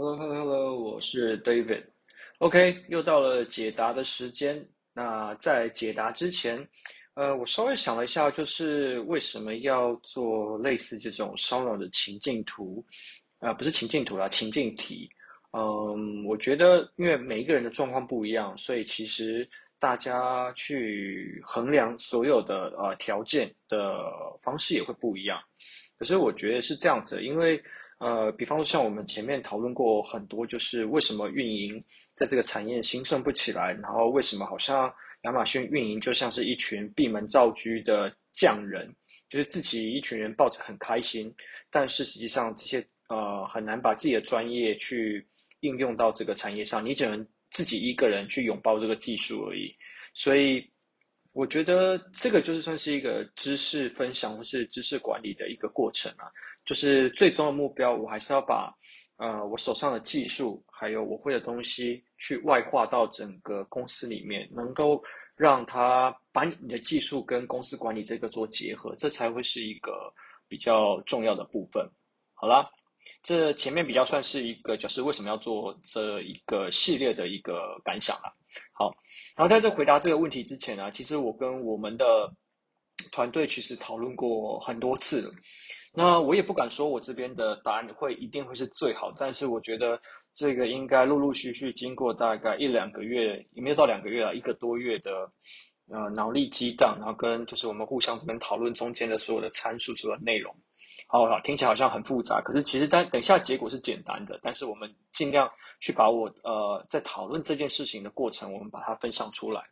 Hello Hello，hello 我是 David okay，OK，又到了解答的時間。那在解答之前，呃，我稍微想了一下，就是為什麼要做類似這種燒腦的情境圖啊、呃，不是情境圖啦，情境題。嗯、呃，我覺得因為每一個人的狀況不一樣，所以其實大家去衡量所有的呃條件的方式也會不一樣。可是我覺得是這樣子，因為。呃，比方說像我們前面討論過很多，就是為什麼運營在這個產業興盛不起來，然後為什麼好像亞馬遜運營就像是一群閉門造車的匠人，就是自己一群人抱着很開心，但是實際上這些呃很難把自己的專業去應用到這個產業上，你只能自己一個人去擁抱這個技術而已，所以。我覺得這個就是算是一個知識分享，或是知識管理的一個過程啊，就是最終的目標，我還是要把呃我手上的技術還有我會的東西去外化到整個公司裡面，能夠讓他把你的技術跟公司管理這個做結合，這才會是一個比較重要的部分。好啦。這前面比較算是一個，就是為什麼要做這一個系列的一個感想啊。好，然後在這回答這個問題之前呢，啊，其實我跟我們的團隊其實討論過很多次了，那我也不敢說我這邊的答案會一定會是最好，但是我覺得這個應該陸陸續續經過大概一兩個月，也沒有到兩個月啊，一個多月的呃腦力激盪，然後跟就是我們互相這邊討論中間的所有的參數，所有的內容。好好，聽起來好像很複雜，可是其實但等一下結果是簡單的，但是我們盡量去把我呃在討論這件事情的過程，我們把它分享出來。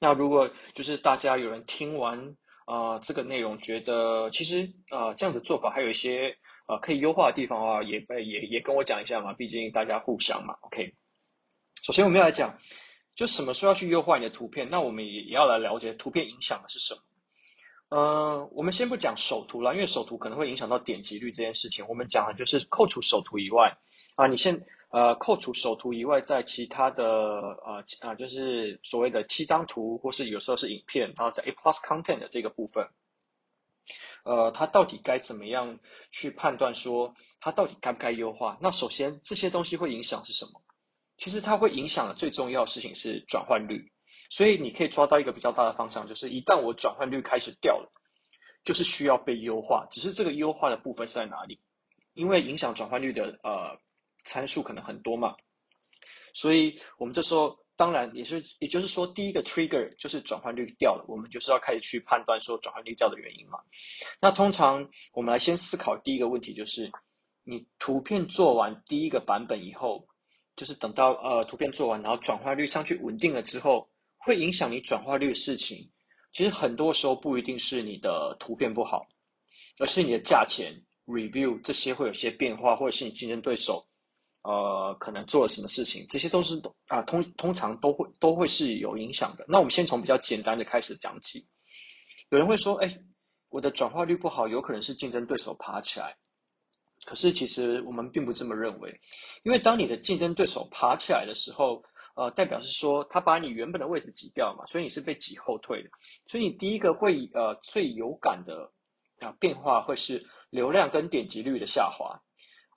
那如果就是大家有人聽完啊、呃、這個內容，覺得其實啊、呃、這樣子做法還有一些啊、呃、可以優化的地方啊，也也也跟我講一下嘛，畢竟大家互相嘛，OK。首先我們要來講，就什麼時候要去優化你的圖片，那我們也也要來了解圖片影響的是什麼。嗯、呃，我們先不講首圖了，因為首圖可能會影響到點擊率這件事情。我們講的就是扣除首圖以外，啊、呃，你先呃扣除首圖以外，在其他的呃啊、呃，就是所謂的七張圖，或是有時候是影片，然後在 A plus content 的這個部分，呃，它到底該怎麼樣去判斷說它到底該不該優化？那首先這些東西會影響是什麼？其實它會影響的最重要的事情是轉換率。所以你可以抓到一個比較大的方向，就是一旦我轉換率開始掉了，就是需要被優化。只是這個優化的部分是在哪裡？因為影響轉換率的呃參數可能很多嘛，所以我們這時候當然也是，也就是說，第一個 trigger 就是轉換率掉了，我們就是要開始去判斷說轉換率掉的原因嘛。那通常我們來先思考第一個問題就是，你圖片做完第一個版本以後，就是等到呃圖片做完，然後轉換率上去穩定了之後。會影響你轉化率的事情，其實很多時候不一定是你的圖片不好，而是你的價錢、review 這些會有些變化，或者是你競爭對手，呃，可能做了什麼事情，這些都是啊、呃，通通常都會都會是有影響的。那我們先從比較簡單的開始講起。有人會說，哎，我的轉化率不好，有可能是競爭對手爬起來。可是其實我們並不這麼認為，因為當你的競爭對手爬起來的時候。呃，代表是說，他把你原本的位置擠掉嘛，所以你是被擠後退的，所以你第一個會呃最有感的啊變化會是流量跟點擊率的下滑，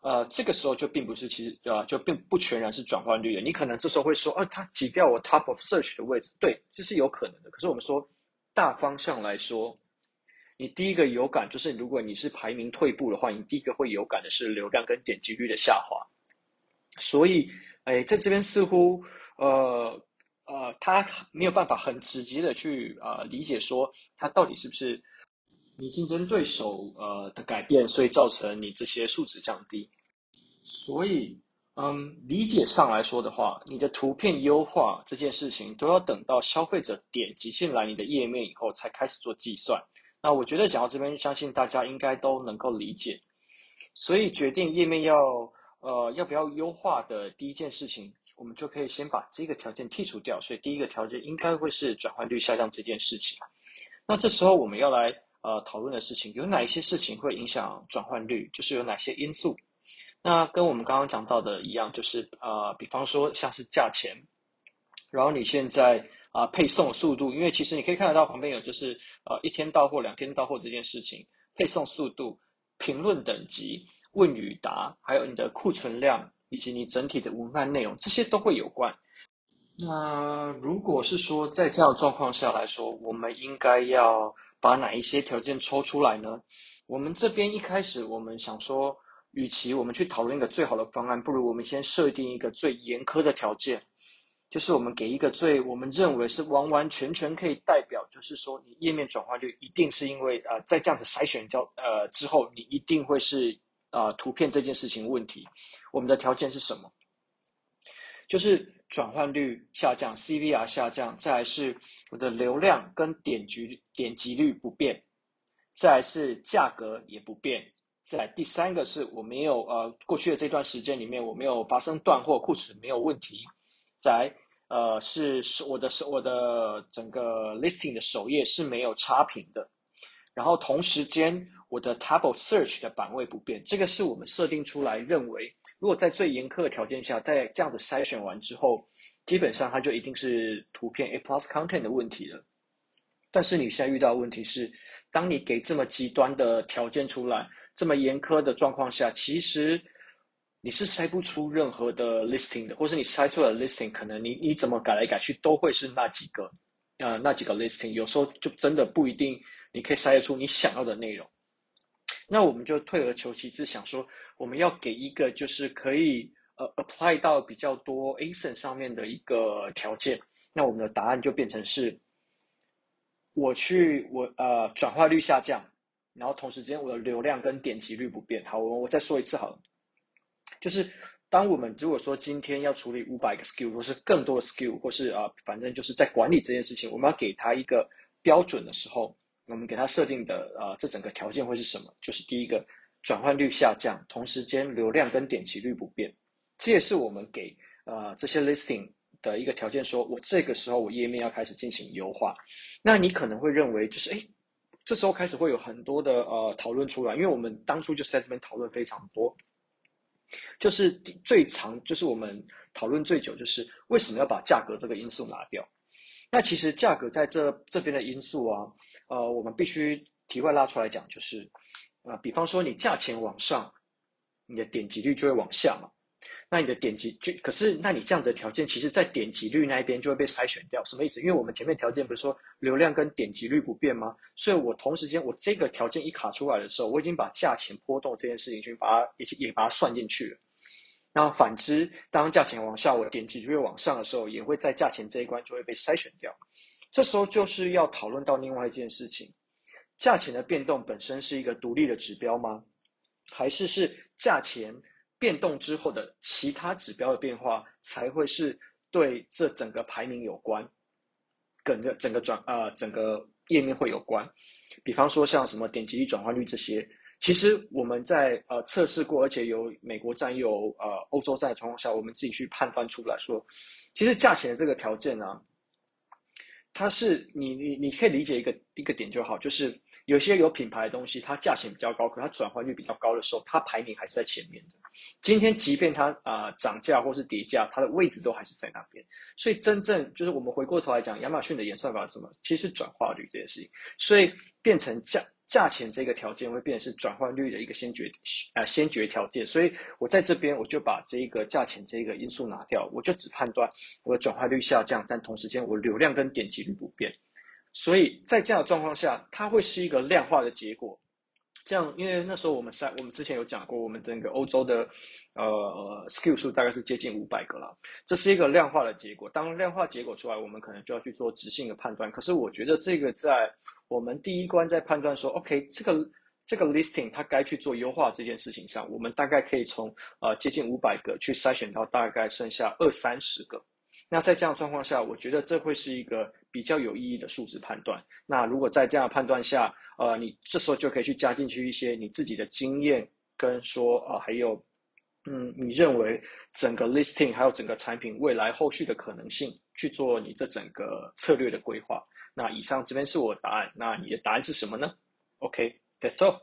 呃，這個時候就並不是其實呃就並不全然是轉換率了，你可能這時候會說，哦、啊，他擠掉我 top of search 的位置，對，這是有可能的，可是我們說大方向來說，你第一個有感就是如果你是排名退步的話，你第一個會有感的是流量跟點擊率的下滑，所以，哎，在這邊似乎。呃，呃，他沒有辦法很直接的去呃理解說，他到底是不是你競爭對手呃的改變，所以造成你這些數值降低。所以，嗯，理解上來說的話，你的圖片優化這件事情，都要等到消費者點擊進來你的頁面以後，才開始做計算。那我覺得講到這邊，相信大家應該都能夠理解。所以，決定頁面要呃要不要優化的第一件事情。我們就可以先把這個條件剔除掉，所以第一個條件應該會是轉換率下降這件事情。那這時候我們要來呃討論的事情，有哪一些事情會影響轉換率？就是有哪些因素？那跟我們剛剛講到的一樣，就是呃，比方說像是價錢，然後你現在啊、呃、配送速度，因為其實你可以看得到旁邊有就是呃一天到貨、兩天到貨這件事情，配送速度、評論等級、問與答，還有你的庫存量。以及你整體的文案內容，這些都會有關。那如果是說在這樣的狀況下來說，我們應該要把哪一些條件抽出來呢？我們這邊一開始我們想說，與其我們去討論一個最好的方案，不如我們先設定一個最嚴苛的條件，就是我們給一個最我們認為是完完全全可以代表，就是說你頁面轉化率一定是因為啊、呃，在這樣子篩選掉呃之後，呃、之後你一定會是。啊，圖片這件事情問題，我們的條件是什麼？就是轉換率下降，CVR 下降，再是我的流量跟點擊點擊率不變，再是價格也不變，再第三個是我沒有呃過去的這段時間裡面我沒有發生斷貨，庫存沒有問題，再呃是是我的是我的整個 listing 的首頁是沒有差評的，然後同時間，我的 top of search 的版位不變，這個是我們設定出來認為，如果在最嚴苛的條件下，在這樣子篩選完之後，基本上它就一定是圖片 A plus content 的問題了。但是你現在遇到的問題是，當你給這麼極端的條件出來，這麼嚴苛的狀況下，其實你是篩不出任何的 listing 的，或是你篩出了 listing，可能你你怎麼改來改去，都會是那幾個，呃，那幾個 listing。有時候就真的不一定，你可以篩得出你想要的內容。那我們就退而求其次，想說我們要給一個就是可以呃 apply 到比較多 action 上面的一個條件。那我們的答案就變成是，我去我呃轉化率下降，然後同時間我的流量跟點擊率不變。好，我我再說一次好了，就是當我們如果說今天要處理五百個 SKU，或是更多的 SKU，或是啊、呃、反正就是在管理這件事情，我們要給他一個標準的時候。我們給它設定的呃這整個條件會是什麼？就是第一個，轉換率下降，同時間流量跟點擊率不變。這也是我們給呃這些 listing 的一個條件說，說我這個時候我頁面要開始進行優化。那你可能會認為就是哎，這時候開始會有很多的呃討論出來，因為我們當初就是在這邊討論非常多，就是最長就是我們討論最久，就是為什麼要把價格這個因素拿掉？那其實價格在這這邊的因素啊。呃，我們必須題外拉出來講，就是啊、呃，比方說你價錢往上，你的點擊率就會往下嘛。那你的點擊可是，那你這樣子的條件，其實在點擊率那一邊就會被篩選掉，什麼意思？因為我們前面條件不是說流量跟點擊率不變嗎？所以我同時間，我這個條件一卡出來的時候，我已經把價錢波動這件事情已經把它也也把它算進去了。那反之，當價錢往下，我點擊率往上的時候，也會在價錢這一關就會被篩選掉。這時候就是要討論到另外一件事情，價錢的變動本身是一個獨立的指標嗎？還是是價錢變動之後的其他指標的變化才會是對這整個排名有關，整個整個轉呃整個頁面會有關。比方說像什麼點擊率、轉換率這些，其實我們在呃測試過，而且有美國站有呃歐洲站的情況下，我們自己去判斷出來說，其實價錢的這個條件啊。它是你你你可以理解一個一個點就好，就是有些有品牌的東西，它價錢比較高，可它轉化率比較高的時候，它排名還是在前面的。今天即便它啊、呃、漲價或是跌價，它的位置都還是在那邊。所以真正就是我們回過頭來講，亞馬遜的演算法是什麼？其實轉化率這件事情，所以變成價。價錢這個條件會變成是轉換率的一個先決，呃，先決條件。所以我在這邊我就把這一個價錢這個因素拿掉，我就只判斷我的轉換率下降，但同時間我流量跟點擊率不變。所以在這樣的狀況下，它會是一個量化的結果。這樣，因為那時候我們在我們之前有講過，我們整個歐洲的，呃，SKU 數大概是接近五百個了。這是一個量化的結果。當量化結果出來，我們可能就要去做質性的判斷。可是我覺得這個在我們第一關在判斷說，OK，這個這個 listing 它該去做優化這件事情上，我們大概可以從呃接近五百個去篩選到大概剩下二三十個。那在這樣的狀況下，我覺得這會是一個比較有意義的數值判斷。那如果在這樣的判斷下，呃，你這時候就可以去加進去一些你自己的經驗，跟說啊、呃，還有，嗯，你認為整個 listing 還有整個產品未來後續的可能性，去做你這整個策略的規劃。那以上這邊是我的答案，那你的答案是什麼呢？OK，that's all。